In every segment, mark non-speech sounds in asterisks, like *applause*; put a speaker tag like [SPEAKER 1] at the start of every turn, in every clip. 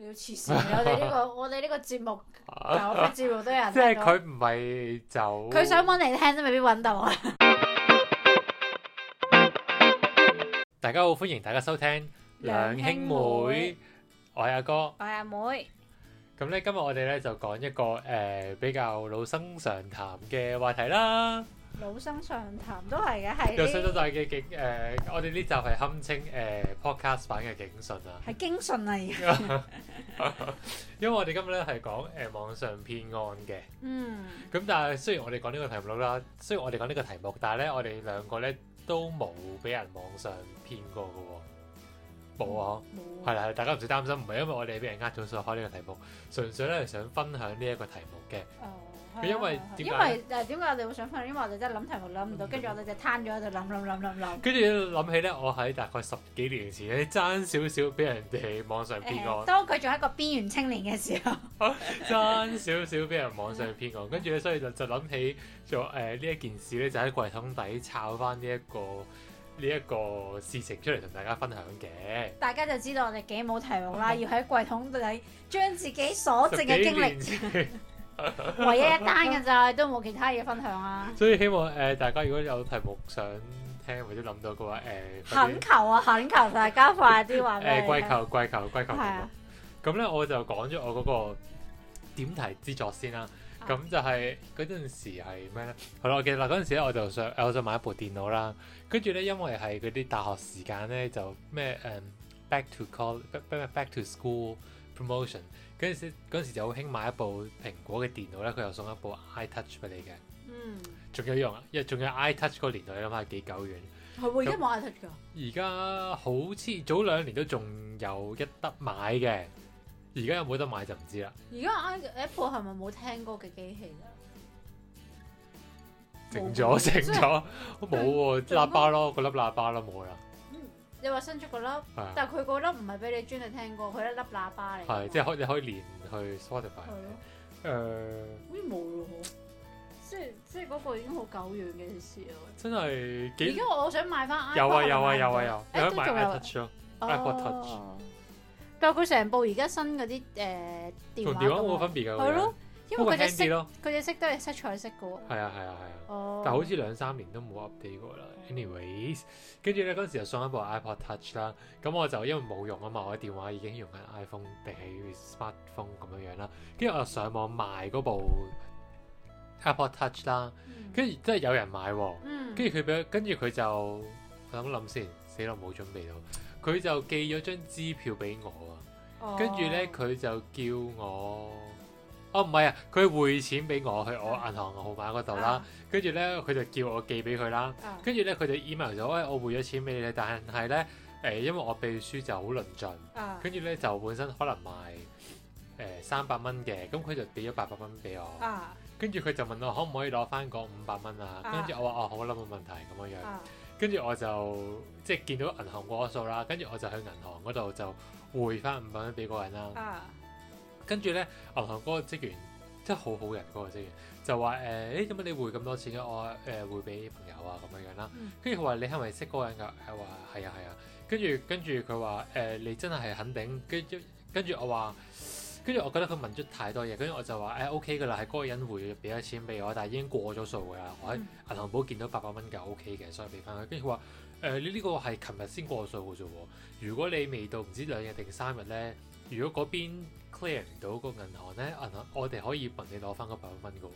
[SPEAKER 1] 你要黐線，我哋呢個我哋呢個節目，但係我啲節目都有人
[SPEAKER 2] 即係佢唔係就佢想
[SPEAKER 1] 搵嚟聽都未必搵到啊！
[SPEAKER 2] 大家好，歡迎大家收聽兩兄妹，我係阿哥，我係阿妹。咁咧，今日我哋咧就講一個誒比較老生常談嘅話題啦。
[SPEAKER 1] 老生常談都係嘅，係。由細到大
[SPEAKER 2] 嘅警誒，我哋呢集係堪稱誒、呃、podcast 版嘅警訊，訊啊。係
[SPEAKER 1] 警訊啊。而家。
[SPEAKER 2] 因為我哋今日咧係講誒網上騙案嘅。嗯。咁但係雖然我哋講呢個題目啦，雖然我哋講呢個題目，但係咧我哋兩個咧都冇俾人網上騙過嘅喎。冇啊，係啦、嗯，大家唔使擔心，唔係因為我哋俾人呃咗所以開呢個題目，純粹咧係想分享呢一個題目嘅。嗯
[SPEAKER 1] 因為點解？因為誒點解我哋會想瞓？因為我哋真係諗題目諗唔到，跟住、嗯、我哋就攤咗喺度諗諗諗諗諗。跟住
[SPEAKER 2] 諗起咧，我喺大概十幾年前咧，爭少少俾人哋網上騙案。當
[SPEAKER 1] 佢仲係一個邊緣青年嘅時候，
[SPEAKER 2] 爭少少俾人網上騙案，跟住咧，所以就就諗起做誒呢、呃、一件事咧，就喺櫃桶底抄翻呢一個呢一、這個事情出嚟同大家分享嘅。
[SPEAKER 1] 大家就知道我哋幾冇題目啦，啊、要喺櫃桶底將自己所剩嘅經歷。 *laughs*
[SPEAKER 2] 唯一一單
[SPEAKER 1] 嘅咋，都冇其他嘢分享啊！
[SPEAKER 2] 所以希望誒、呃，大家如果有題目想聽或者諗到嘅話，誒、呃，懇
[SPEAKER 1] 求啊，懇求，大家快啲話俾我聽誒，跪求
[SPEAKER 2] 跪求跪求！咁咧、啊、我就講咗我嗰個點題之作先啦。咁就係嗰陣時係咩咧？係咯，我記得嗱，嗰陣時咧，我就想，我就買一部電腦啦。跟住咧，因為係嗰啲大學時間咧，就咩誒、um,，back to call, back to school promotion。嗰陣時嗰陣時就好興買一部蘋果嘅電腦咧，佢又送一部 iTouch 俾你嘅。嗯，仲有用啊！因為仲有 iTouch 嗰年代，你諗下幾久遠？
[SPEAKER 1] 係喎，而家冇 iTouch 噶。
[SPEAKER 2] 而家好似早兩年都仲有一得買嘅，而家有冇得買就唔知啦。
[SPEAKER 1] 而家 Apple 係咪冇聽歌嘅機器啊？
[SPEAKER 2] 停咗，停咗，冇喇叭咯，個粒喇叭都冇啦。
[SPEAKER 1] 你話新出個粒，但係佢個粒唔係俾你專嚟聽歌，佢一粒喇叭嚟。係，
[SPEAKER 2] 即係可以你可以連去 Spotify。係咯。誒，好
[SPEAKER 1] 似冇喎。即係即係嗰個已經好久遠嘅事咯。
[SPEAKER 2] 真係幾？而家
[SPEAKER 1] 我想買翻。有啊，有啊，有
[SPEAKER 2] 啊，有。想買 iPod Touch 咯，iPod Touch。
[SPEAKER 1] 但係佢成部而家新嗰啲誒電話都冇分別㗎。係咯。因為佢隻色，佢隻 *music* 色都係七彩色
[SPEAKER 2] 嘅喎。係啊，係啊，係啊。Oh. 但好似兩三年都冇 update 過啦。Anyways，跟住咧嗰陣時就送一部 iPod Touch 啦。咁我就因為冇用啊嘛，我嘅電話已經用緊 iPhone 定係 smartphone 咁樣樣啦。跟住我就上網賣嗰部 iPod Touch 啦。跟住真係有人買喎。跟住佢俾，跟住佢就諗諗先，死咯冇準備到。佢就寄咗張支票俾我啊。
[SPEAKER 1] 跟住咧，
[SPEAKER 2] 佢就叫我。哦，唔係啊，佢匯錢俾我去我銀行個號碼嗰度啦，跟住咧佢就叫我寄俾佢啦，跟住咧佢就 email 咗，喂、哎，我匯咗錢俾你，但係咧誒，因為我秘書就好論盡，跟住咧就本身可能賣誒三百蚊嘅，咁、呃、佢就俾咗八百蚊俾我，跟住佢就問我可唔可以攞翻嗰五百蚊啊？跟住我話哦，好啦，冇問題咁樣樣，跟住我就即係見到銀行個數啦，跟住我就去銀行嗰度就匯翻五百蚊俾個人啦。啊。跟住咧，銀行嗰個職員真係好好人。嗰、那個職員就話：誒、呃，誒，點解你匯咁多錢嘅？我誒、呃、匯俾朋友啊，咁樣樣啦。嗯、跟住佢話：你係咪識嗰個人㗎？係話係啊係啊，啊。跟住跟住佢話：誒、呃，你真係係肯定。跟住跟住我話，跟住我，我覺得佢問咗太多嘢。跟住我就話：誒，O K 嘅啦，係、okay、嗰個人匯俾咗錢俾我，但係已經過咗數㗎啦。嗯、我喺銀行簿見到八百蚊㗎 O K 嘅，所以俾翻佢。跟住佢話：誒、呃，你、這、呢個係琴日先過數嘅啫。如果你未到唔知兩日定三日咧，如果嗰邊。clear 唔到個銀行咧，銀行我哋可以問你攞翻個八百蚊嘅
[SPEAKER 1] 喎。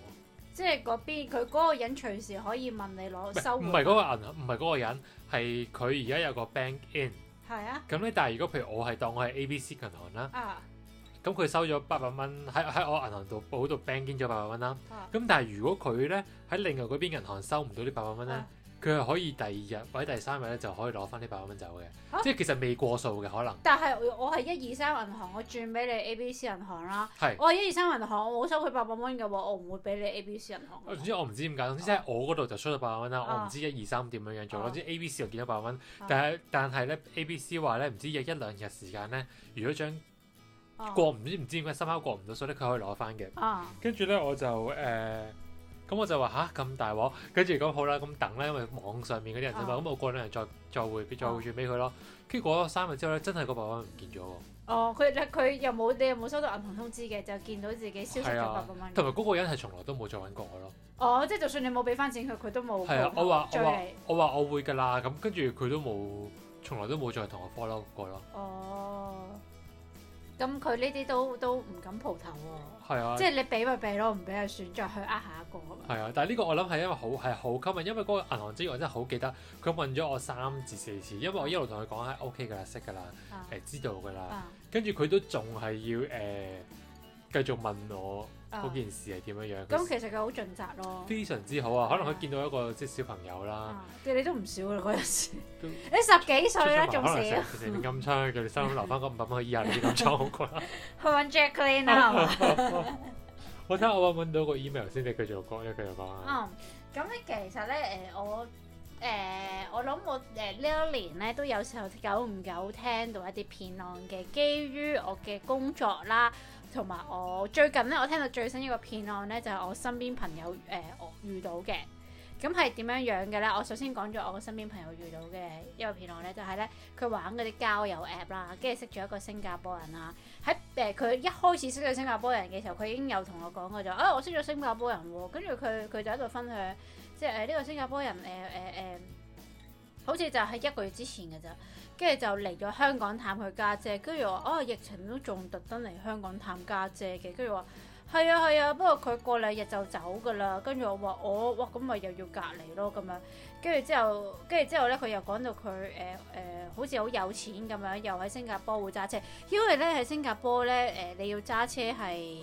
[SPEAKER 1] 即係嗰邊佢嗰個人隨時可以問你攞收。唔係嗰個銀行，
[SPEAKER 2] 唔係嗰個人，係佢而家有個 bank in。
[SPEAKER 1] 係啊。
[SPEAKER 2] 咁咧，但係如果譬如我係當我係 ABC 銀行啦。啊。咁佢收咗八百蚊喺喺我銀行度保度 bank in 咗八百蚊啦。咁、啊、但係如果佢咧喺另外嗰邊銀行收唔到呢八百蚊咧？啊佢係可以第二日或者第三日咧就可以攞翻呢八百蚊走嘅，即係其實未過數嘅可能。
[SPEAKER 1] 但係我係一二三銀行，我轉俾你 A B C 銀行啦。我係一二三銀行，我冇收佢八百蚊嘅話，我唔會俾你 A B C 銀行。
[SPEAKER 2] 總之我唔知點解，總之喺我嗰度就出咗八百蚊啦。我唔知一二三點樣樣做，總之 A B C 又見咗八百蚊。但係但係咧 A B C 話咧，唔知有一兩日時間咧，如果將過唔知唔知點解深秋過唔到數咧，佢可以攞翻嘅。跟住咧，我就誒。咁、嗯、我就話吓，咁大鑊，跟住咁好啦，咁、嗯、等啦，因為網上面嗰啲人啊嘛，咁、嗯、我過兩日再再回再回轉俾佢咯。跟住過咗三日之後咧，真係個百萬唔見咗喎。
[SPEAKER 1] 哦，佢佢又冇你又冇收到銀行通知嘅，就見到自己消失咗百萬蚊。同
[SPEAKER 2] 埋嗰個人係從來都冇再揾過我咯。
[SPEAKER 1] 哦，即係就算你冇俾翻錢佢，佢都冇。係啊，我話
[SPEAKER 2] 我話我話我會㗎啦。咁跟住佢都冇從來都冇再同我 follow 過咯。哦。
[SPEAKER 1] 咁佢呢啲都都唔敢蒲頭喎、哦，啊，即係你俾咪俾咯，唔俾就選擇去呃下一個。
[SPEAKER 2] 係啊，但係呢個我諗係因為好係好吸引，因為嗰個銀行職員真係好記得，佢問咗我三至四次，因為我一路同佢講係 OK 㗎啦，識㗎啦，誒、啊欸、知道㗎啦，啊、跟住佢都仲係要誒、呃、繼續問我。嗯，嗰件事係點樣樣？咁其
[SPEAKER 1] 實佢好盡責咯，非
[SPEAKER 2] 常之好啊！可能佢見到一個即係小朋友啦，
[SPEAKER 1] 你都唔少咯嗰陣時。你十幾歲啦，仲
[SPEAKER 2] 少？你揼槍，佢心諗留翻嗰五百蚊去醫下你咁揼槍啩？
[SPEAKER 1] 去揾 Jacklin 啊？
[SPEAKER 2] 我睇下我揾到個 email 先，繼續講，繼續
[SPEAKER 1] 講啊！咁咧其實咧誒我誒我諗我誒呢一年咧都有時候久唔久聽到一啲騙案嘅，基於我嘅工作啦。同埋我最近咧，我聽到最新一個騙案咧，就係我身邊朋友誒我、呃、遇到嘅，咁係點樣樣嘅咧？我首先講咗我身邊朋友遇到嘅一個騙案咧，就係咧佢玩嗰啲交友 app 啦，跟住識咗一個新加坡人啦。喺誒佢一開始識咗新加坡人嘅時候，佢已經有同我講過就啊，我識咗新加坡人，跟住佢佢就喺度分享，即係誒呢個新加坡人誒誒誒，好似就係一個月之前嘅咋。.跟住就嚟咗香港探佢家姐，姐，跟住話哦，疫情都仲特登嚟香港探家姐嘅，跟住話係啊係啊，不過佢過兩日就走㗎啦。跟住我話我、哦、哇咁咪又要隔離咯咁樣。跟住之後跟住之後咧，佢又講到佢誒誒好似好有錢咁樣，又喺新加坡會揸車，因為咧喺新加坡咧誒、呃、你要揸車係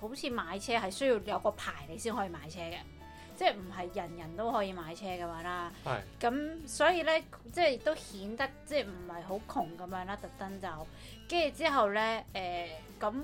[SPEAKER 1] 好似買車係需要有個牌你先可以買車嘅。即係唔係人人都可以買車嘅話啦，咁所以咧，即係都顯得即係唔係好窮咁樣啦，特登就跟住之後咧，誒、呃、咁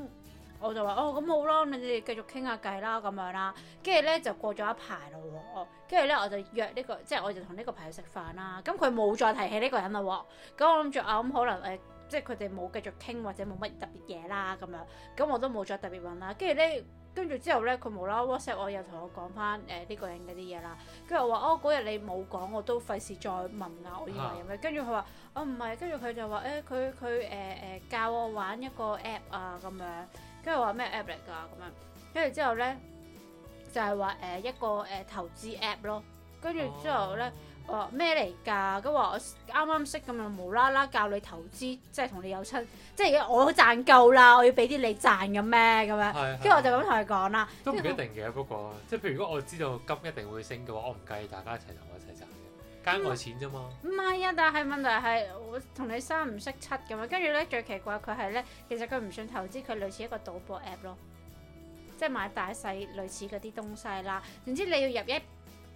[SPEAKER 1] 我就話哦咁好啦，你哋繼續傾下偈啦咁樣啦，跟住咧就過咗一排咯喎，跟住咧我就約呢個，即係我就同呢個朋友食飯啦，咁佢冇再提起呢個人咯喎，咁我諗住：「啊咁、嗯、可能誒、呃，即係佢哋冇繼續傾或者冇乜特別嘢啦咁樣，咁我都冇再特別問啦，跟住咧。跟住之後咧，佢冇啦 WhatsApp 我又同我講翻誒呢個人嗰啲嘢啦。跟住我話哦，嗰日你冇講，我都費事再問啊，我以為有咩。跟住佢話哦，唔係，跟住佢就話誒，佢佢誒誒教我玩一個 app 啊咁樣。跟住話咩 app 嚟㗎咁樣？跟住之後咧就係話誒一個誒、呃、投資 app 咯。跟住之後咧。Oh. 咩嚟㗎？佢話、哦、我啱啱識咁又無啦啦教你投資，即係同你有親，即係我賺夠啦，我要俾啲你賺咁咩咁樣？跟住是我就咁同佢講啦。都唔一
[SPEAKER 2] 定嘅，果不，不過即係譬如如果我知道金一定會升嘅話，我唔介意，大家一齊同我一齊賺嘅，街外錢啫嘛。
[SPEAKER 1] 唔係、嗯、啊，但係問題係我同你三唔識七咁啊。跟住咧最奇怪佢係咧，其實佢唔算投資，佢類似一個賭博 app 咯，即係買大細類似嗰啲東西啦。總之你要入一。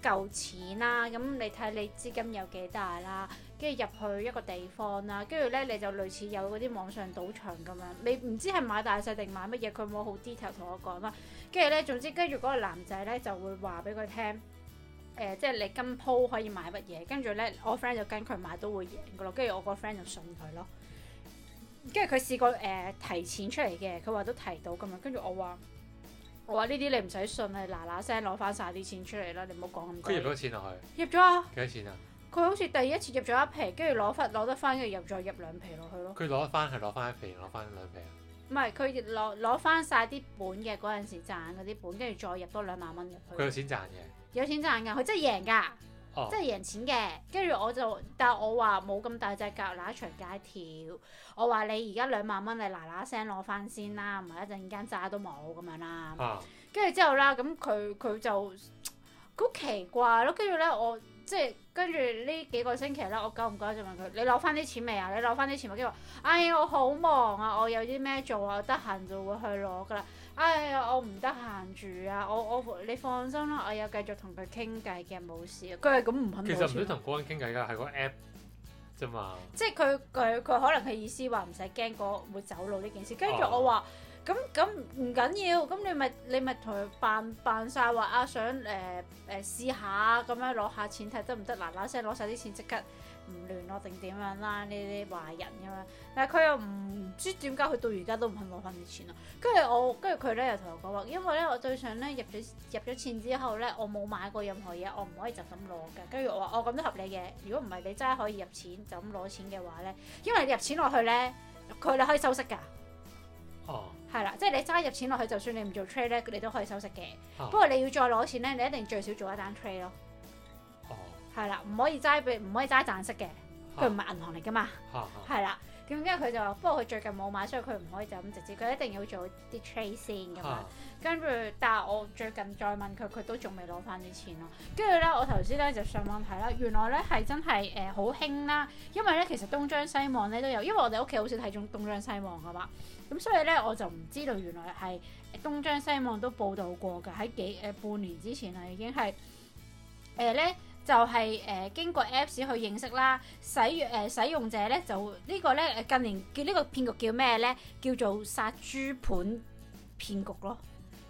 [SPEAKER 1] 夠錢啦，咁你睇你資金有幾大啦，跟住入去一個地方啦，跟住咧你就類似有嗰啲網上賭場咁樣，你唔知係買大買細定買乜嘢，佢冇好 detail 同我講啦。跟住咧，總之跟住嗰個男仔咧就會話俾佢聽，誒、呃，即係你今鋪可以買乜嘢，跟住咧我 friend 就跟佢買都會贏噶咯，跟住我個 friend 就信佢咯。跟住佢試過誒、呃、提錢出嚟嘅，佢話都提到咁樣，跟住我話。我話呢啲你唔使信，係嗱嗱聲攞翻晒啲錢出嚟啦！你唔好講咁多，佢入咗錢落去。入咗啊！幾多錢啊？佢好似第一次入咗一皮，跟住攞翻攞得翻，跟住入再入兩皮落去咯。佢攞
[SPEAKER 2] 翻係攞翻一皮，攞翻兩皮
[SPEAKER 1] 啊？唔係，佢攞攞翻曬啲本嘅嗰陣時賺嗰啲本，跟住再入多兩萬蚊入
[SPEAKER 2] 去。佢有錢賺嘅。
[SPEAKER 1] 有錢賺㗎，佢真係贏㗎。Oh. 即係贏錢嘅，跟住我就，但係我話冇咁大隻蛤乸隨街跳，我話你而家兩萬蚊，你嗱嗱聲攞翻先啦，唔係一陣間渣都冇咁樣啦。跟住、oh. 之後啦，咁佢佢就好奇怪咯，跟住咧我。即係跟住呢幾個星期咧，我久唔久就問佢：你攞翻啲錢未啊？你攞翻啲錢未？跟住話：哎，我好忙啊，我有啲咩做、哎、啊，我得閒就會去攞噶啦。哎呀，我唔得閒住啊，我我你放心啦，我有繼續同佢傾偈嘅，冇事。佢係咁唔肯。其實唔使
[SPEAKER 2] 同嗰人傾偈㗎，係個 app 啫嘛。即
[SPEAKER 1] 係佢佢佢可能佢意思話唔使驚佢會走佬呢件事。跟住我話。哦咁咁唔緊要，咁你咪你咪同佢扮扮晒話啊，想誒誒試下咁樣攞下錢睇得唔得，嗱嗱聲攞晒啲錢即刻唔聯絡定點樣啦？呢啲壞人咁樣，但係佢又唔知點解，佢到而家都唔肯攞翻啲錢咯。跟住我跟住佢咧又同我講話，因為咧我最想咧入咗入咗錢之後咧，我冇買過任何嘢，我唔可以就咁攞㗎。跟住我話哦，咁都合理嘅，如果唔係你真係可以入錢就咁攞錢嘅話咧，因為你入錢落去咧佢你可以收息㗎。係啦，即係你揸入錢落去，就算你唔做 trade、er, 咧，你都可以收息嘅。啊、不過你要再攞錢咧，你一定最少做一單 trade、er、咯。哦、啊，係啦，唔可以揸別，唔可以揸賺息嘅，佢唔係銀行嚟㗎嘛。嚇係啦。啊咁跟住佢就話，不過佢最近冇買，所以佢唔可以就咁直接，佢一定要做啲 trade 先咁樣。跟住、啊，但係我最近再問佢，佢都仲未攞翻啲錢咯。跟住咧，我頭先咧就上網睇啦，原來咧係真係誒好興啦，因為咧其實東張西望咧都有，因為我哋屋企好少睇中東張西望噶嘛。咁所以咧我就唔知道原來係東張西望都報道過嘅，喺幾誒、呃、半年之前啊已經係誒咧。呃就係、是、誒、呃、經過 Apps 去認識啦，使誒、呃、使用者咧就會、這個、呢個咧誒近年叫呢、這個騙局叫咩咧？叫做殺豬盤騙局咯，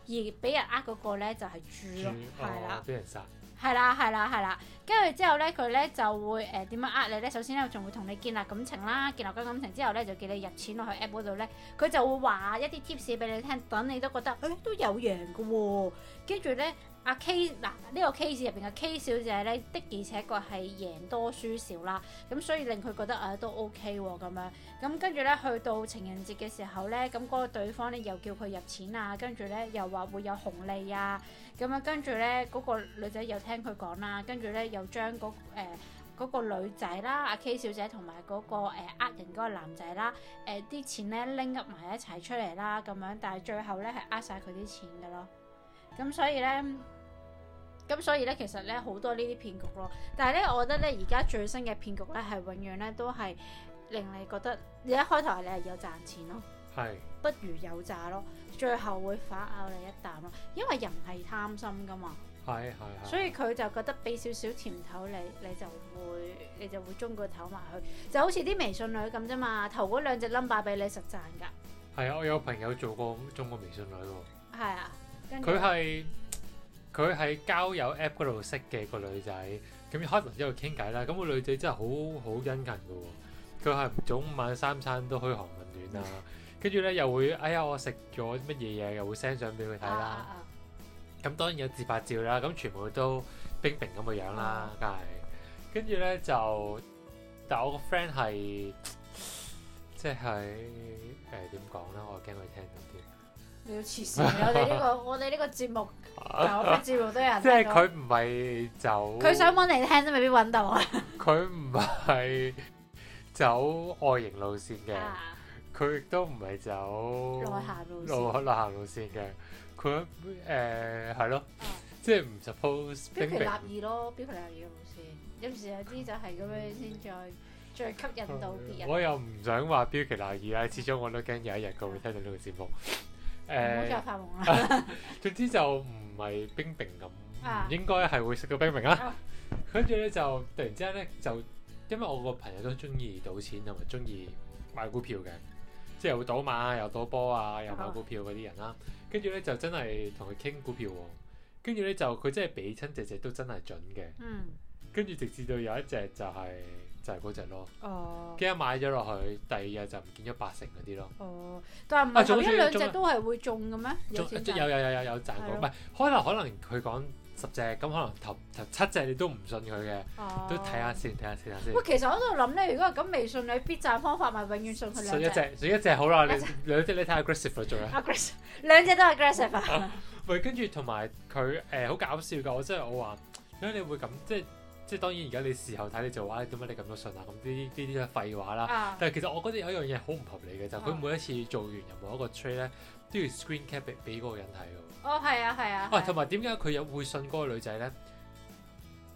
[SPEAKER 1] 而俾人呃嗰個咧就係、是、豬咯，係、嗯、啦，俾
[SPEAKER 2] 人殺。
[SPEAKER 1] 係啦係啦係啦，跟住之後咧佢咧就會誒點樣呃你咧？首先咧仲會同你建立感情啦，建立緊感情之後咧就叫你入錢落去 App 嗰度咧，佢就會話一啲 tips 俾你聽，等你都覺得誒都有贏嘅喎，跟住咧。阿 K 嗱呢個 case 入邊嘅 K 小姐咧，的而且確係贏多輸少啦，咁所以令佢覺得啊都 OK 喎、哦、咁樣，咁跟住咧去到情人節嘅時候咧，咁嗰、嗰個對方咧又叫佢入錢啊，跟住咧又話會有紅利啊，咁啊跟住咧嗰個女仔又聽佢講啦，跟住咧又將嗰誒個女仔啦，阿 K 小姐同埋嗰個呃人嗰個男仔啦，誒、呃、啲錢咧拎噏埋一齊出嚟啦，咁樣，但係最後咧係呃晒佢啲錢㗎咯，咁所以咧。咁、嗯、所以咧，其實咧好多呢啲騙局咯。但係咧，我覺得咧，而家最新嘅騙局咧，係永遠咧都係令你覺得你一開頭係你係有賺錢咯，係是不如有詐咯，最後會反咬你一啖咯。因為人係貪心噶嘛，
[SPEAKER 2] 係係。所以佢
[SPEAKER 1] 就覺得俾少少甜頭你，你就會你就會，你就會中個頭埋去，就好似啲微信女咁啫嘛，頭嗰兩隻 number 俾你實賺㗎。
[SPEAKER 2] 係啊，我有朋友做過中國微信女喎。
[SPEAKER 1] 係啊，佢係。
[SPEAKER 2] 佢喺交友 app 嗰度識嘅個女仔，咁可能一路傾偈啦。咁、個女仔真係好好殷勤嘅、哦，佢係唔早晚三餐都噓寒問暖啊。跟住咧又會，哎呀我食咗乜嘢嘢，又會 send 相俾佢睇啦。咁、啊、當然有自拍照啦。咁全部都冰冰咁嘅樣啦，梗係。跟住咧就，但我個 friend 係，即係誒點講咧，我驚佢聽到。你要黐線！
[SPEAKER 1] 我哋呢、呢個我哋呢個節目，走啲 *laughs* 節目都有人聽，即係佢
[SPEAKER 2] 唔係走。佢想
[SPEAKER 1] 揾嚟聽都未必揾到
[SPEAKER 2] 啊！佢唔係走外形路線嘅，佢亦都唔係走內涵路線路。路內涵路線嘅，佢誒係咯，啊、即係唔 suppose 標奇立異咯，標奇立異嘅路線。有時有啲就係咁樣先再再，嗯、吸引到
[SPEAKER 1] 啲人，嗯。我又
[SPEAKER 2] 唔想話標奇立異啊，始終我都驚有一日佢會聽到呢個節目。啊 *laughs* 誒，唔好再發夢啦。 *laughs* 總之就唔係冰冰咁，啊、應該係會食到冰冰啦。跟住咧就突然之間咧就因為我個朋友都中意賭錢同埋中意買股票嘅，即係會賭馬又賭波啊，又買股票嗰啲人啦、啊。跟住咧就真係同佢傾股票喎、啊。跟住咧就佢真係俾親隻只都真係準嘅。嗯，跟住直至到有一隻就係、是。就係嗰隻咯，
[SPEAKER 1] 驚
[SPEAKER 2] 買咗落去，第二日就唔見咗八成嗰啲咯。哦，
[SPEAKER 1] 但係唔係仲一兩隻都係會中嘅咩？有
[SPEAKER 2] 有有有有賺過，唔係開頭可能佢講十隻，咁可能頭頭七隻你都唔信佢嘅，都睇下先，睇下先，下先。喂，其
[SPEAKER 1] 實我喺度諗咧，如果咁微信你必賺方法，咪永遠信佢兩隻。信一隻，
[SPEAKER 2] 信一隻好啦，兩隻你太 aggressive 啦，做啦。
[SPEAKER 1] aggressive，兩隻都係 aggressive。
[SPEAKER 2] 喂，跟住同埋佢誒好搞笑噶，我即係我話點解你會咁即？即係當然，而家你事後睇你就話點解你咁多信啊？咁呢啲呢啲都係廢話啦。啊、但係其實我覺得有一樣嘢好唔合理嘅就係、是、佢每一次做完任何一個 trade 咧，都要 screen cap 俾俾嗰個人睇嘅。哦，
[SPEAKER 1] 係啊，係啊。
[SPEAKER 2] 啊，同埋點解佢有會信個女仔咧？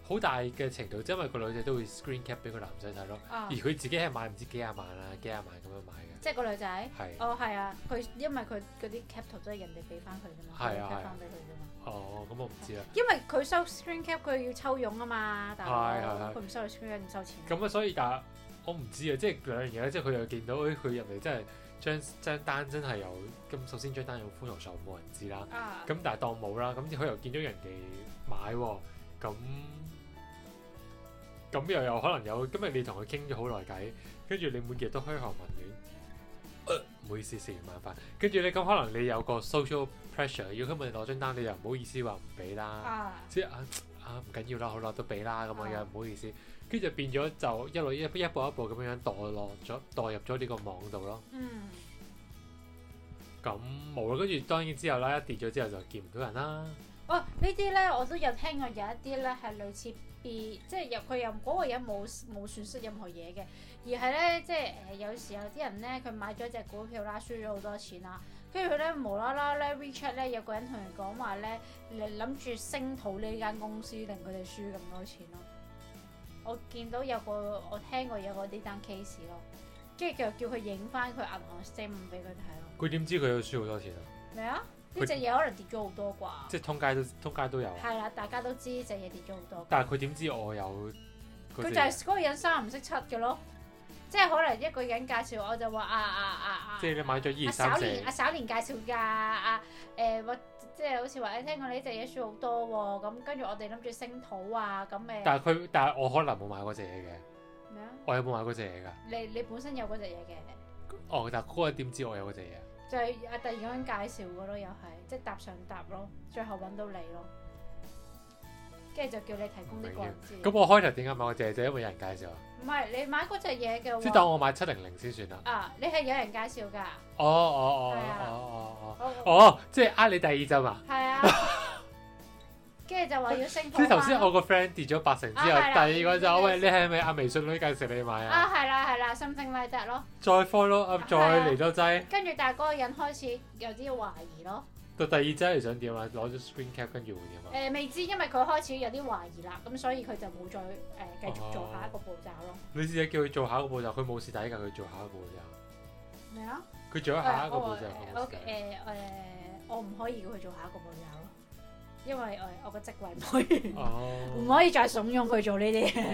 [SPEAKER 2] 好大嘅程度，即因為個女仔都會 screen cap 俾個男仔睇咯，而佢自己係買唔知幾廿萬啊、幾廿萬咁樣買。
[SPEAKER 1] 即係個女仔，哦係是啊，佢因為佢嗰啲 cap 圖都係人哋俾翻佢啫嘛，俾翻俾佢
[SPEAKER 2] 啫嘛。哦，咁我唔知啊，
[SPEAKER 1] 因為佢、啊、收 screen cap，佢要抽傭啊嘛，但係佢唔收你 screen cap 唔收錢。咁啊、
[SPEAKER 2] 嗯，所以但我唔知啊，即係兩樣嘢，即係佢又見到，佢入嚟真係張張單真係有。咁首先張單又敷衍上，冇人知啦。咁、uh, 但係當冇啦，咁佢又見到人哋買咁，咁又有可能有，今日你同佢傾咗好耐偈，跟住你每日都噓寒問唔、呃、好意思，食完晚飯，跟住你咁可能你有個 social pressure，如果佢問你攞張單，你又唔好意思話唔俾啦，啊、即係啊啊唔緊要啦，好啦都俾啦咁樣，唔、啊、好意思，跟住就變咗就一路一一步一步咁樣樣墮落咗，墮入咗呢個網度咯。嗯，咁冇啦，跟住當然之後啦，一跌咗之後就見唔到人啦。
[SPEAKER 1] 哦，呢啲咧我都有聽過，有一啲咧係類似。而即係又佢入嗰個人冇冇損失任何嘢嘅，而係咧即係誒、呃，有時候啲人咧佢買咗隻股票啦，輸咗好多錢啦，跟住佢咧無啦啦咧 WeChat 咧有個人同人講話咧，你諗住聲討呢間公司，令佢哋輸咁多錢咯。我見到有個我聽過有個呢單 case 咯，跟住就叫佢影翻佢銀行 statement 俾佢睇咯。佢
[SPEAKER 2] 點知佢要輸好多錢啊？
[SPEAKER 1] 咩啊？呢隻嘢可能跌咗好多啩，
[SPEAKER 2] 即係通街都通街都有。係
[SPEAKER 1] 啦，大家都知呢隻嘢跌咗好多。但係
[SPEAKER 2] 佢點知我有？佢就係
[SPEAKER 1] 嗰個人三唔識七嘅咯，即係可能一個人介紹我就話啊啊啊啊，
[SPEAKER 2] 即係你買咗二三。阿、啊、小
[SPEAKER 1] 年介紹噶，阿、啊、誒、呃呃，即係好似話誒，聽講你呢隻嘢輸好多喎，咁跟住我哋諗住升套啊，咁、嗯、誒。但
[SPEAKER 2] 係佢，但係我可能冇買嗰隻嘢嘅。
[SPEAKER 1] 咩？
[SPEAKER 2] 我有冇買嗰隻嘢噶？
[SPEAKER 1] 你你本身有嗰隻嘢嘅。
[SPEAKER 2] 哦，但係嗰個點知我有嗰隻嘢？
[SPEAKER 1] 就係啊！第二個人介紹個咯，又係即係搭上搭咯，最後揾到你咯，跟住就叫你提供啲個人資料。咁我
[SPEAKER 2] 開頭點解問我姐姐，會有人介紹。唔
[SPEAKER 1] 係你買嗰隻嘢嘅話，即當
[SPEAKER 2] 我買七零零先算啦。
[SPEAKER 1] 啊，你係有人介紹噶？
[SPEAKER 2] 哦哦哦哦哦哦哦，即係呃你第二集啊？係啊。
[SPEAKER 1] 跟住就話要
[SPEAKER 2] 升，即係頭先我個 friend 跌咗八成之後，第二個就喂，你係咪阿微信女介紹你買啊？啊
[SPEAKER 1] 係啦係啦，something like that 咯，
[SPEAKER 2] 再 follow 咯，再嚟多劑。
[SPEAKER 1] 跟住但係嗰個人開始有啲懷疑咯。
[SPEAKER 2] 到第二劑係想點啊？攞咗 screen cap 跟住會點
[SPEAKER 1] 啊？誒，未知，因為佢開始有啲懷疑啦，咁所以佢就冇再誒繼續做下一個步
[SPEAKER 2] 驟咯。你自己叫佢做下一個步驟，佢冇試第一個，佢做下一個步驟。咩啊？佢做咗下一個步驟。誒誒，我唔可以叫佢
[SPEAKER 1] 做下一個步驟。因為誒，我個職位唔可以，
[SPEAKER 2] 唔、oh. 可
[SPEAKER 1] 以再慫恿佢做呢啲嘢。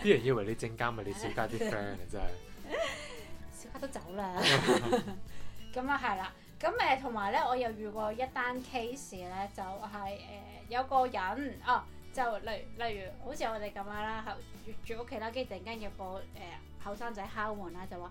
[SPEAKER 2] 啲人、oh. 以為你正監你家咪你少加啲 friend 真
[SPEAKER 1] 係的 *laughs* 小家都走啦。咁 *laughs* *laughs* 啊係啦，咁誒同埋咧，我又遇過一單 case 咧，就係、是、誒、呃、有個人啊，就例如例如好似我哋咁樣啦，住屋企啦，跟住突然間有個誒後生仔敲門啦，就話：誒、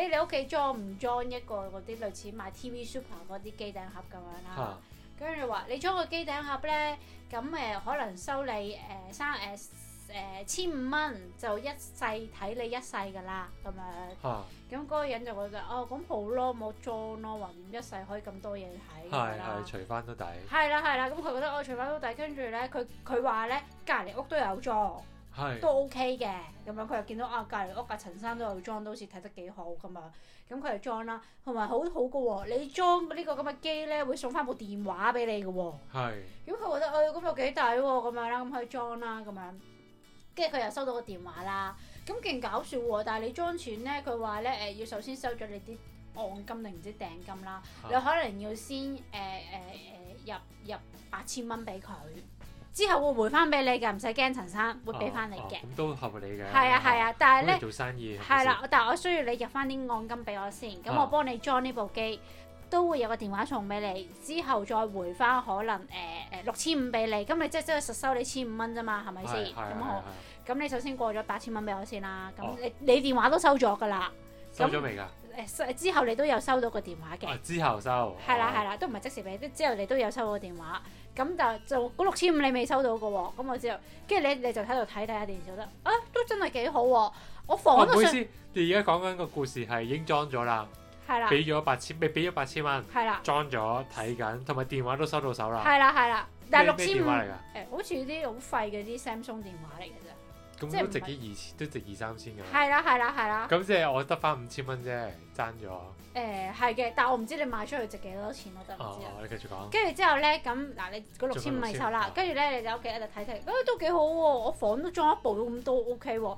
[SPEAKER 1] 欸、你屋企裝唔裝一個嗰啲類似買 TV Super 嗰啲機頂盒咁樣啦、啊？啊跟住話你裝個機頂盒咧，咁、嗯、誒可能收你誒、呃、三誒誒、呃、千五蚊，就一世睇你一世噶啦，咁啊。咁嗰哈個人就覺得哦，咁好咯，冇裝咯，話咁一世可以咁多嘢睇。係係，
[SPEAKER 2] 除翻都抵。係
[SPEAKER 1] 啦係啦，咁佢覺得哦，除翻都抵。跟住咧，佢佢話咧，隔離屋都有裝，係是都 OK 嘅。咁啊，佢又見到啊，隔離屋啊，陳生都有裝，都好似睇得幾好噶嘛。咁佢就裝啦，同埋好好噶喎。你裝個呢個咁嘅機咧，會送翻部電話俾你噶
[SPEAKER 2] 喎、
[SPEAKER 1] 啊。係是。咁佢覺得誒，咁又幾抵喎，咁樣啦，咁去裝啦，咁樣。跟住佢又收到個電話啦，咁勁搞笑喎、啊！但係你裝前咧，佢話咧誒，要首先收咗你啲按金定唔知訂金啦，啊、你可能要先誒誒誒入入八千蚊俾佢。之後會回翻俾你嘅，唔使驚陳生會俾翻你嘅。咁、哦哦、
[SPEAKER 2] 都合理嘅。係啊係啊、啊，但係咧做生意係啦，
[SPEAKER 1] 但係我需要你入翻啲按金俾我先，咁我幫你裝呢部機，哦、都會有個電話送俾你，之後再回翻可能誒誒六千五俾你，咁你即係即係實收你千五蚊啫嘛，係咪先？咁、啊啊啊、好，咁、啊啊、你首先過咗八千蚊俾我先啦，咁你、哦、你電話都收咗㗎啦。收咗未㗎？誒，之後你都有收到個電話嘅、啊。之
[SPEAKER 2] 後收。係
[SPEAKER 1] 啦係啦，都唔係即時俾，即之後你都有收到個電話。咁就就六千五你未收到㗎喎。哦，咁我之後，跟住你你就喺度睇睇下電視。得啊，都真係幾好喎！啊，我房度上，
[SPEAKER 2] 你而家講緊個故事係已經裝咗啦，係啦的，俾咗八千，未俾咗八千蚊，係啦的，裝咗睇緊，同埋電話都收到手啦，係啦
[SPEAKER 1] 係啦。但係六千五，誒好似啲好廢嘅啲 Samsung 電話嚟嘅。欸
[SPEAKER 2] 咁值幾二都值二三千噶。係
[SPEAKER 1] 啦，係啦，係啦。
[SPEAKER 2] 咁即係我得翻五千蚊啫，爭咗。
[SPEAKER 1] 誒，係嘅，但我唔知你賣出去值幾多錢我就唔知啦。你繼續
[SPEAKER 2] 講。跟住
[SPEAKER 1] 之後咧，咁嗱，你六千五蚊收啦。跟住咧，你喺屋企喺度睇睇，都都幾好喎。我房都裝一部咁都 OK 喎。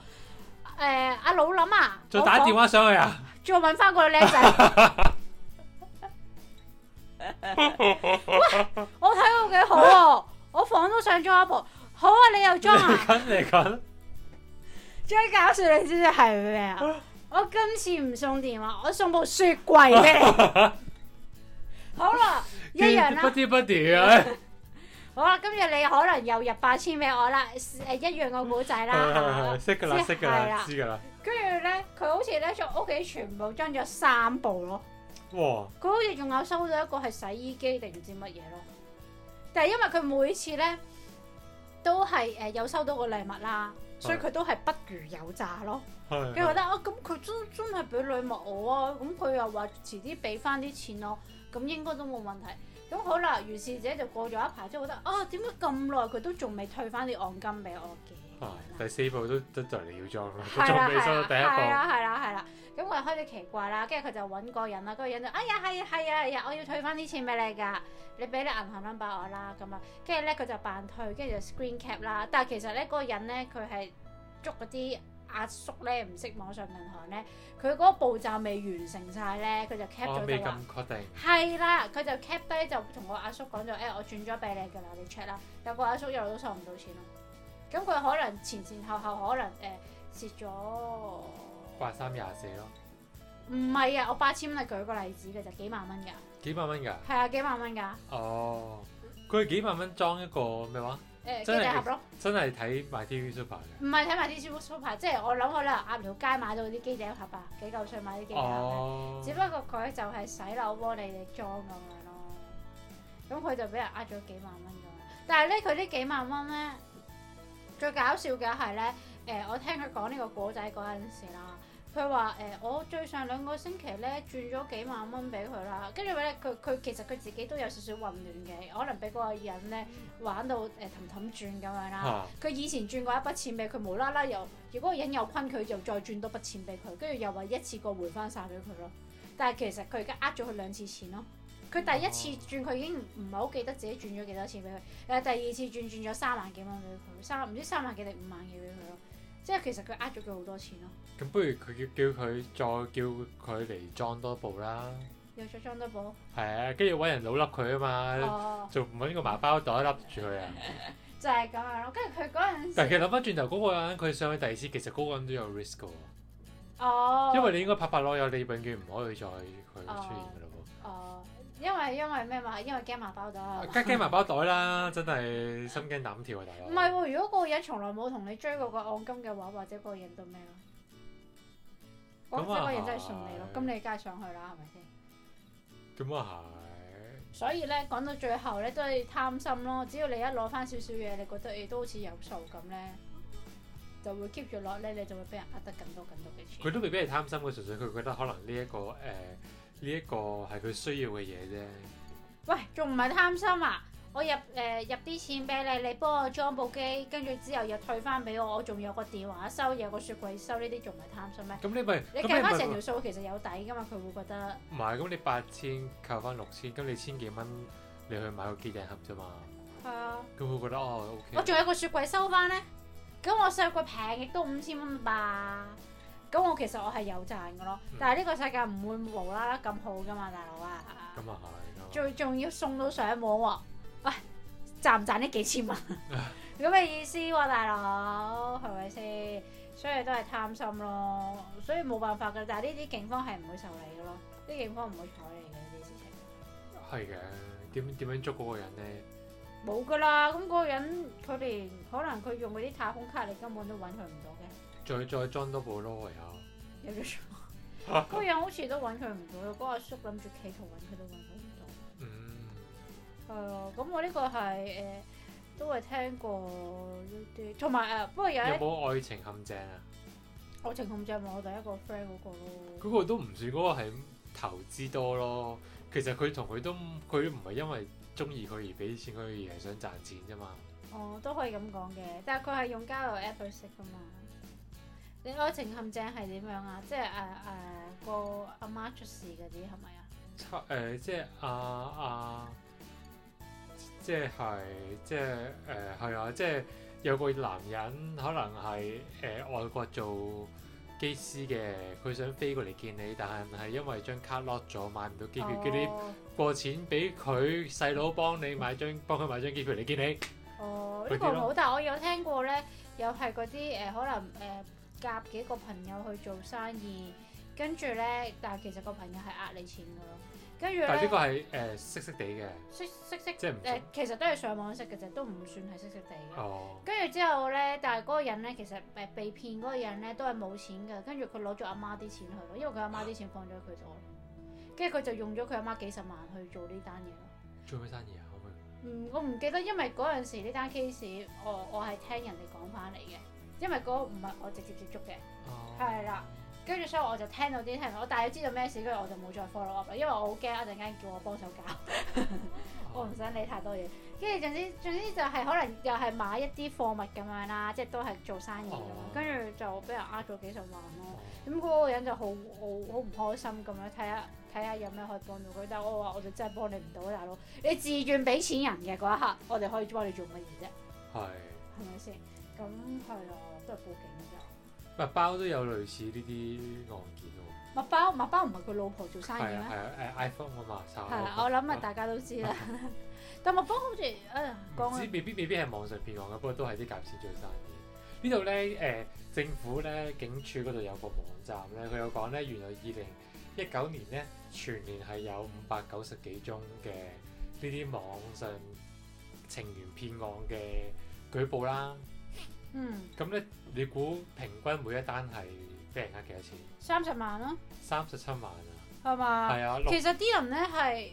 [SPEAKER 1] 誒，阿老諗啊，再打電話上去啊，再問翻個靚仔。喂，我睇過幾好啊！我房都想裝一部。好啊，你又裝啊？
[SPEAKER 2] 嚟嚟緊。
[SPEAKER 1] 最搞笑你知唔知係咩啊？我今次唔送電話，我送部雪櫃俾你。好啦，一樣啦，不啲不點。好啦，今日你可能又入八千俾我啦，誒，一樣個古仔啦。識噶啦，識噶啦，知噶啦。跟住咧，佢好似咧喺屋企全部裝咗三部咯。哇！佢好似仲有收到一個係洗衣機定唔知乜嘢咯。但係因為佢每次咧都係誒有收到個禮物啦。所以佢都係不如有詐咯，佢 *noise* *noise* 覺得啊，咁佢真真係俾禮物我啊，咁佢又話遲啲俾翻啲錢咯，咁應該都冇問題，咁、嗯、好啦，如是者就過咗一排之後覺得啊，點解咁耐佢都仲未退翻啲按金俾我嘅？
[SPEAKER 2] 第四步都都就嚟要裝咯，裝俾收到第一步，係啦
[SPEAKER 1] 係啦，咁我開始奇怪啦，跟住佢就揾個人啦，嗰個人就哎呀係啊係啊係啊，我要退翻啲錢俾你噶，你俾你銀行 number 我啦，咁啊，跟住咧佢就扮退，跟住就 screen cap 啦，但係其實咧嗰個人咧佢係捉嗰啲阿叔咧唔識網上銀行咧，佢嗰個步驟未完成晒咧，佢就 cap 咗就話，確定？係啦，佢就 cap 低就同個阿叔講咗：哎「誒，我轉咗俾你噶啦，你 check 啦，但個阿叔一路都收唔到錢咯。咁佢可能前前後後可能誒蝕咗
[SPEAKER 2] 八三廿四咯，唔
[SPEAKER 1] 係啊！我八千蚊係舉個例子嘅就幾萬蚊㗎，
[SPEAKER 2] 幾萬蚊㗎，
[SPEAKER 1] 係啊，幾萬蚊㗎。哦，
[SPEAKER 2] 佢係幾萬蚊裝一個咩話誒機頂盒咯，真係睇埋 TV Super
[SPEAKER 1] 唔係睇埋 TV Super，即係我諗佢啦，鴨寮街買到啲機頂盒啊，幾嚿水買啲機頂盒，哦、只不過佢就係洗樓幫你哋裝咁樣咯。咁佢就俾人呃咗幾萬蚊咁樣，但係咧佢呢幾萬蚊咧。最搞笑嘅係咧，誒、呃、我聽佢講呢個故仔嗰陣時啦，佢話誒我最上兩個星期咧轉咗幾萬蚊俾佢啦，跟住咧佢佢其實佢自己都有少少混亂嘅，可能俾嗰個人咧玩到誒氹氹轉咁樣啦。佢、啊、以前轉過一筆錢俾佢，無啦啦又如果個人又坤，佢，就再轉多筆錢俾佢，跟住又話一次過回翻晒俾佢咯。但係其實佢而家呃咗佢兩次錢咯。佢第一次轉，佢已經唔係好記得自己轉咗幾多錢俾佢。誒，第二次轉轉咗三萬幾蚊俾佢，三唔知三萬幾定五萬幾俾佢咯。即係其實佢呃咗佢好多錢咯。
[SPEAKER 2] 咁不如佢叫叫佢再叫佢嚟裝多部啦。
[SPEAKER 1] 又再裝多部？
[SPEAKER 2] 係啊，跟住揾人老笠佢啊嘛。哦。Oh. 就揾個麻包袋笠住佢啊。 *laughs* 就係咁樣
[SPEAKER 1] 咯。跟住佢嗰陣。但係
[SPEAKER 2] 諗翻轉頭嗰個人，佢上去第二次，其實嗰個人都有 risk 㗎。哦。
[SPEAKER 1] Oh. 因為你應該拍
[SPEAKER 2] 拍攞有你永遠唔可以再佢、oh. 出現㗎
[SPEAKER 1] 咯。哦。Oh. Oh. 因為因為咩嘛？因為驚埋包袋，梗驚埋
[SPEAKER 2] 包袋啦！真係心驚膽跳啊，大佬！唔係
[SPEAKER 1] 喎，如果嗰個人從來冇同你追過個按金嘅話，或者嗰個人到咩咯？或者嗰個人真係順利咯？咁你梗係上去啦，係咪先？
[SPEAKER 2] 咁啊係。
[SPEAKER 1] 所以咧，講到最後咧，都係貪心咯。只要你一攞翻少少嘢，你覺得你都好似有數咁咧，就會 keep 住落咧，你就會俾人呃得更多更多嘅
[SPEAKER 2] 錢。佢都未必係貪心，佢純粹佢覺得可能呢一個誒。呢一個係佢需要嘅嘢啫。
[SPEAKER 1] 喂，仲唔係貪心啊？我入誒、呃、入啲錢俾你，你幫我裝部機，跟住之後又退翻俾我，我仲有個電話收，有個雪櫃收，呢啲仲唔係貪心咩？咁
[SPEAKER 2] 你咪你計翻成條
[SPEAKER 1] 數，其實有底噶嘛？佢會覺得。
[SPEAKER 2] 唔係，咁你八千扣翻六千，咁你千幾蚊你去買個機頂盒啫嘛。
[SPEAKER 1] 係啊。
[SPEAKER 2] 咁會覺得哦，okay、我仲有個
[SPEAKER 1] 雪櫃收翻咧，咁我雪櫃平亦都五千蚊吧。咁我其實我係有賺嘅咯，嗯、但係呢個世界唔會無啦啦咁好噶嘛，大佬、嗯、啊！咁啊係，最重有、嗯、要送到上網喎，喂，賺唔賺呢幾千萬咁嘅、啊、 *laughs* 意思喎、啊，大佬係咪先？所以都係貪心咯，所以冇辦法噶。但係呢啲警方係唔會受理嘅咯，啲警方唔會睬你嘅呢啲事
[SPEAKER 2] 情。係嘅，點點樣捉嗰個人咧？
[SPEAKER 1] 冇噶啦，咁嗰個人佢連可能佢用嗰啲太空卡，你根本都揾佢唔到嘅。
[SPEAKER 2] 再再裝多部咯，有
[SPEAKER 1] 有啲錯。嗰人 *laughs* 好似都揾佢唔到咯。嗰阿 *laughs* 叔諗住企圖揾佢都揾到唔到。嗯，係、呃、啊。咁我呢個係誒都係聽過呢啲，同埋誒不過有有冇
[SPEAKER 2] 愛情陷阱啊？
[SPEAKER 1] 愛情陷阱咪我第一個 friend 嗰個咯。
[SPEAKER 2] 嗰個都唔算、那個，嗰個係投資多咯。其實佢同佢都佢唔係因為中意佢而俾錢佢，而係想賺錢啫、哦、嘛。
[SPEAKER 1] 哦，都可以咁講嘅，但係佢係用交友 app 去識噶嘛。
[SPEAKER 2] 你愛情陷阱係點樣啊，啊，啊？即係誒誒個阿媽出事嗰啲係咪啊？誒即係阿阿即係即係誒係啊！即係、呃、有個男人可能係誒、呃、外國做機師嘅，佢想飛過嚟見你，但係因為張卡落咗買唔到機票，佢哋、哦、過錢俾佢細佬幫你買張幫佢買張機票嚟見你。
[SPEAKER 1] 哦，呢個好，但係我有聽過咧，有係嗰啲誒可能誒。呃夾幾個朋友去做生意，跟住咧，但係其實個朋友係呃你錢嘅咯。跟住咧，但係呢個
[SPEAKER 2] 係誒識識地嘅，
[SPEAKER 1] 識識識誒、呃，其實都係上網識嘅啫，都唔算係識識地嘅。哦。跟住之後咧，但係嗰個人咧，其實誒被騙嗰個人咧都係冇錢嘅，跟住佢攞咗阿媽啲錢去咯，因為佢阿媽啲錢放咗佢度，跟住佢就用咗佢阿媽幾十萬去做呢單嘢咯。
[SPEAKER 2] 做咩生意啊？可唔可以？我
[SPEAKER 1] 唔、嗯、我唔記得，因為嗰陣時呢單 case，我我係聽人哋講翻嚟嘅。因為嗰個唔係我直接接觸嘅，係啦、oh.，跟住所以我就聽到啲聽，我大概知道咩事，跟住我就冇再 follow up 啦，因為我好驚一陣間叫我幫手搞， *laughs* oh. 我唔想理太多嘢。跟住總之總之就係可能又係買一啲貨物咁樣啦，即係都係做生意咁樣，跟住、oh. 就俾人呃咗幾十萬咯。咁嗰、oh. 個人就好好好唔開心咁樣，睇下睇下有咩可以幫到佢，但係我話我哋真係幫你唔到大佬，你自願俾錢人嘅嗰一刻，我哋可以幫你做乜嘢啫？係係咪先？咁係啊，都係報警
[SPEAKER 2] 啫。麥包都有類似呢啲案件喎。
[SPEAKER 1] 麥包，麥包唔係佢老婆做生意咩？係啊，
[SPEAKER 2] 誒 iPhone 啊嘛，炒我諗啊，大家都知啦。
[SPEAKER 1] *laughs* 但麥包好似誒講唔知，
[SPEAKER 2] 未必未必係網上騙案嘅，不過都係啲夾先做生意。呢度咧？誒、呃、政府咧，警署嗰度有個網站咧，佢有講咧，原來二零一九年咧，全年係有五百九十幾宗嘅呢啲網上情緣騙案嘅舉報啦。嗯，咁咧，你估平均每一單係俾人呃幾多錢？三
[SPEAKER 1] 十萬咯，
[SPEAKER 2] 三十七萬啊，
[SPEAKER 1] 係嘛？係啊，吧啊 6, 其實啲人咧係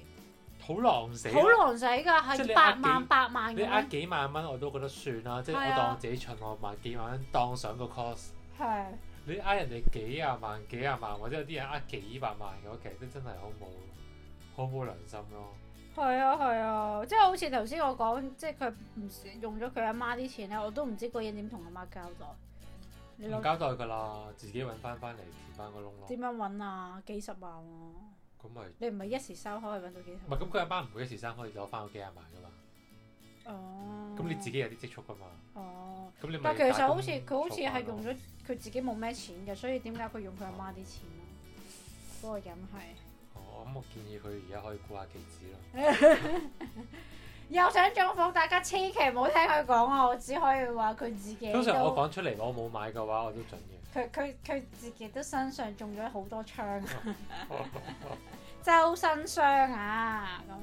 [SPEAKER 2] 好狼死，好狼
[SPEAKER 1] 死㗎，係百萬百萬。你呃幾，
[SPEAKER 2] 幾萬蚊我都覺得算啦，啊、即係我當自己蠢買幾萬蚊當上個 cost、啊。係。你呃人哋幾廿萬、幾廿萬，或者有啲人呃幾百萬嘅，我其實都真係好冇，好冇良心咯。
[SPEAKER 1] 係啊係啊，即係好似頭先我講，即係佢唔用咗佢阿媽啲錢咧，我都唔知嗰人點同阿媽交代。你唔交代
[SPEAKER 2] 㗎啦，自己搵翻翻嚟填翻個窿咯。點
[SPEAKER 1] 樣搵啊？幾十萬啊？咁咪、就是、你唔係一時收開搵到幾十
[SPEAKER 2] 萬，啊？唔咁佢阿媽唔會一時收開、啊，攞翻幾廿萬噶嘛？哦。
[SPEAKER 1] 咁你自
[SPEAKER 2] 己有啲積蓄噶嘛？
[SPEAKER 1] 哦。咁你但其實好似佢好似係用咗佢自己冇咩錢嘅，所以點解佢用佢阿媽啲錢、啊？嗰、嗯、個人係。
[SPEAKER 2] 咁、嗯、我建議佢而家可以估下期指咯，
[SPEAKER 1] *laughs* 又想中伏，大家千祈唔好聽佢講啊！我只可以話佢自己。通常我
[SPEAKER 2] 講出嚟，我冇買嘅話，我都準嘅。
[SPEAKER 1] 佢佢佢自己都身上中咗好多槍，周身傷啊咁。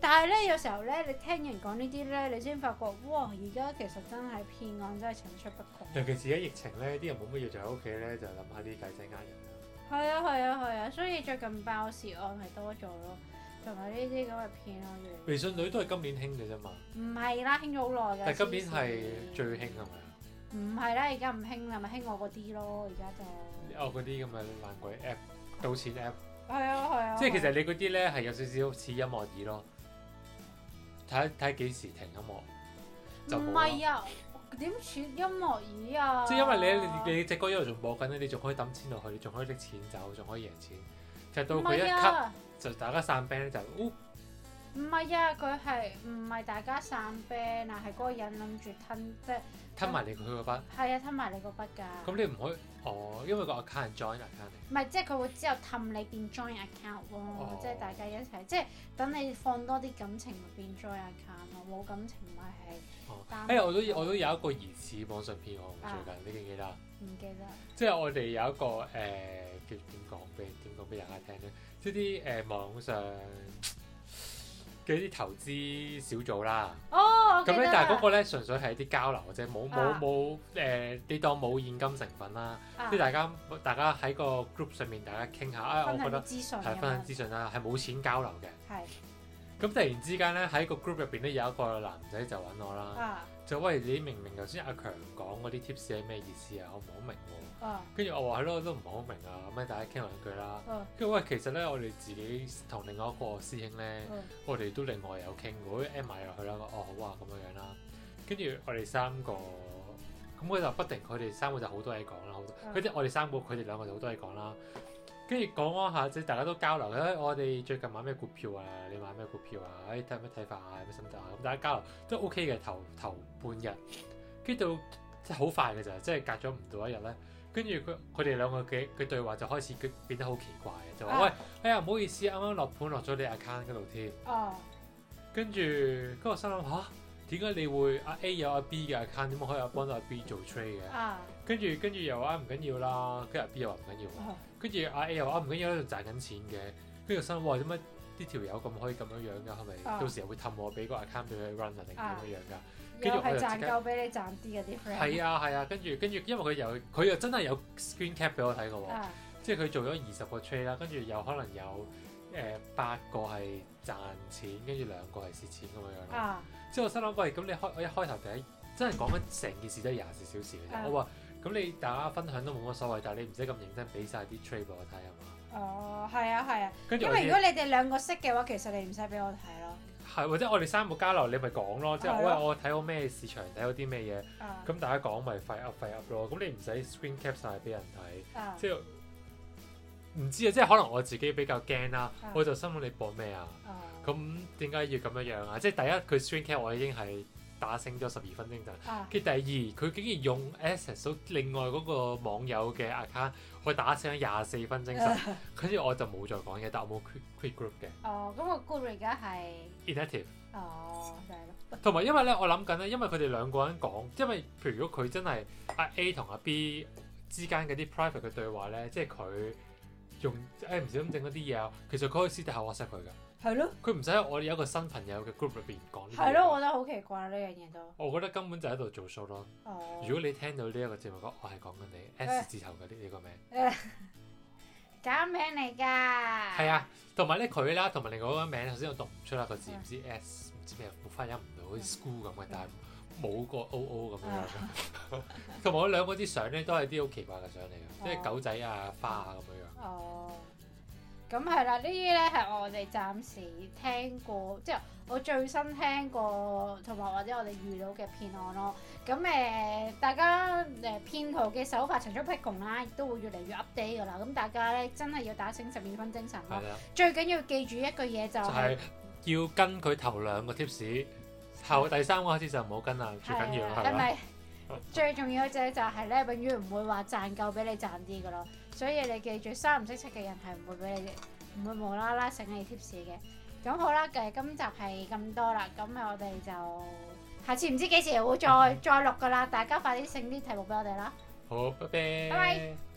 [SPEAKER 1] 但係咧，有時候咧，你聽人講呢啲咧，你先發覺哇！而家其實真係騙案真係層出不窮。尤其
[SPEAKER 2] 自己疫情咧，啲人冇乜嘢，就喺屋企咧，就諗下啲計仔呃人。
[SPEAKER 1] 係啊係啊係啊，所以最近爆事案係多咗咯，同埋呢啲咁嘅片咯。
[SPEAKER 2] 微信女都係今年興嘅啫嘛。唔
[SPEAKER 1] 係啦，興咗好耐嘅。但
[SPEAKER 2] 係今年係最興係咪啊？唔
[SPEAKER 1] 係啦，而家唔興啦，咪興我嗰啲咯，而家
[SPEAKER 2] 就。哦嗰啲咁嘅爛鬼 app，賭錢 app。
[SPEAKER 1] 係啊係啊。即係其實
[SPEAKER 2] 你嗰啲咧係有少少似音樂耳咯，睇睇幾時停音樂就唔係
[SPEAKER 1] 啊。點竄音樂椅啊！即係因為你你
[SPEAKER 2] 隻歌一路仲播緊，咧，你仲可以抌錢落去，你仲可以拎錢走，仲可以贏錢。就到佢一級、啊、就大家散 band 咧，就。哦
[SPEAKER 1] 唔係啊！佢係唔係大家散 band 係嗰個人諗住吞即係吞埋
[SPEAKER 2] 你佢個、啊、筆，
[SPEAKER 1] 係啊吞埋你個筆㗎。
[SPEAKER 2] 咁你唔可以哦，因為個 account join account。
[SPEAKER 1] 唔係即係佢會之後氹你變 join account 喎，哦、即係大家一齊即係等你放多啲感情咪變 join account 咯。冇感情咪係單、哦。哎，我都
[SPEAKER 2] 我都有一個疑似網上騙案最近，啊、你記唔記得？唔記得。即係我哋有一個誒叫點講俾？點講俾大家聽咧？即係啲誒網上。網上網上網上網上嗰啲投資小組啦，哦，咁咧，但係嗰個咧純粹係啲交流啫，冇冇冇誒，你當冇現金成分啦，即係、啊、大家大家喺個 group 上面大家傾下，啊、哎，我覺得係分享資訊啦，係冇錢交流嘅。係是。咁、嗯、突然之間咧，喺個 group 入邊咧有一個男仔就揾我啦，啊、就喂，你明明頭先阿強講嗰啲 tips 係咩意思啊？我唔好明喎。跟住我話係咯，都唔係好明啊。咁咧，大家傾兩句啦。跟住喂，其實咧，我哋自己同另外一個師兄咧，嗯、我哋都另外有傾，我都 add 埋落去啦。哦、嗯，好啊，咁樣樣啦。跟住我哋三個，咁佢就不停，佢哋三個就好多嘢講啦，好多。跟住我哋三個，佢哋兩個就好多嘢講啦。跟住講下即係大家都交流、哎、我哋最近買咩股票啊？你買咩股票啊？睇咩睇法啊？有咩心得啊？咁大家交流都 OK 嘅，頭頭半日，跟到即係好快嘅啫，即係隔咗唔到一日咧。跟住佢佢哋兩個嘅嘅對話就開始佢變得好奇怪，就話：啊、喂哎呀唔好意思，啱啱落盤落咗你 account 嗰度添。啊！跟住跟住心諗吓，點解你會阿 A 有阿 B 嘅 account，點解可以幫到阿 B 做 trade 嘅？跟住跟住又話唔緊要啦，跟住阿 B 又話唔緊要。跟住阿 A 又話唔緊要，喺度賺緊錢嘅。跟住心諗：哇，點解呢條友咁可以咁樣樣㗎？係咪到時候會氹我俾個 account 俾佢 run 啊？定咁樣樣㗎？又係
[SPEAKER 1] 賺夠俾你賺
[SPEAKER 2] 啲嗰啲 f 係啊係啊，跟住跟住，因為佢有佢又真係有 screen cap 俾我睇嘅喎，啊、即係佢做咗二十個 trade 啦，跟住又可能有誒八、呃、個係賺錢，跟住兩個係蝕錢咁樣樣咯。即係、啊、我心諗喂，咁你開我一開頭第一，真係講緊成件事都係廿四小時嘅啫。嗯、我話咁你大家分享都冇乜所謂，但係你唔使咁認真俾晒啲 trade 俾我睇啊嘛。哦，係啊係啊，跟住、啊
[SPEAKER 1] 啊，因為如果你哋兩個識嘅話，其實你唔使俾我睇。嗯
[SPEAKER 2] 係或者我哋三個交流，你咪講咯，即係喂我睇到咩市場，睇到啲咩嘢，咁、啊、大家講咪廢 up 廢 up 咯，咁你唔使 screen cap 晒俾人睇，啊，即係唔知啊，即係可能我自己比較驚啦，啊、我就心諗你播咩啊，咁點解要咁樣樣啊？即係第一佢 screen cap 我已經係。打醒咗十二分精神，跟住、啊、第二佢竟然用 Access 到另外嗰個網友嘅 account 去打醒廿四分精神。跟住、啊、我就冇再講嘢，但係我冇 quit quit group 嘅。哦，
[SPEAKER 1] 咁我 group 而家係 inactive。就係咯。
[SPEAKER 2] 哦，同埋因為咧，我諗緊咧，因為佢哋兩個人講，因為譬如如果佢真係阿 A 同阿 B 之間嗰啲 private 嘅對話咧，即係佢用誒唔小心整咗啲嘢，其實佢可以私底下 WhatsApp 佢㗎。係對咯，佢唔使喺我哋有一個新朋友嘅 group 入邊講。係咯，我
[SPEAKER 1] 覺得好奇怪呢樣嘢都。
[SPEAKER 2] 我覺得根本就喺度做 show 咯。如果你聽到呢一個節目講，我係講緊你 S,、欸、S, S 字頭嗰啲呢個名、欸
[SPEAKER 1] 啊。假名嚟噶。
[SPEAKER 2] 係啊，同埋咧佢啦，同埋另外嗰個名，頭先我讀唔出啦個字，唔、欸、知 S，唔知咩，讀發音唔到，好似 school 咁嘅，但係冇個 O O 咁樣啦。同埋、欸、 *laughs* 我兩個啲相咧，都係啲好奇怪嘅相嚟嘅，即係狗仔啊、花啊咁樣樣。哦。
[SPEAKER 1] Oh. Oh. 咁係啦，呢啲咧係我哋暫時聽過，即係我最新聽過同埋或者我哋遇到嘅騙案咯。咁誒，大家誒騙徒嘅手法層出不窮啦，亦都會越嚟越 update 噶啦。咁大家咧真係要打醒十二分精神咯。最緊要記住一句嘢就係
[SPEAKER 2] 要跟佢頭兩個 tips，後第三個開始就唔好跟啦，最緊要係咪？
[SPEAKER 1] 最重要嘅就係咧，永遠唔會話賺夠俾你賺啲噶咯。所以你記住，三唔識七嘅人係唔會俾你，唔會無啦啦醒你貼士嘅。咁好啦，嘅今集係咁多啦，咁我哋就下次唔知幾時會再嗯嗯再錄噶啦，大家快啲醒啲題目俾我哋啦。
[SPEAKER 2] 好，拜拜。拜拜。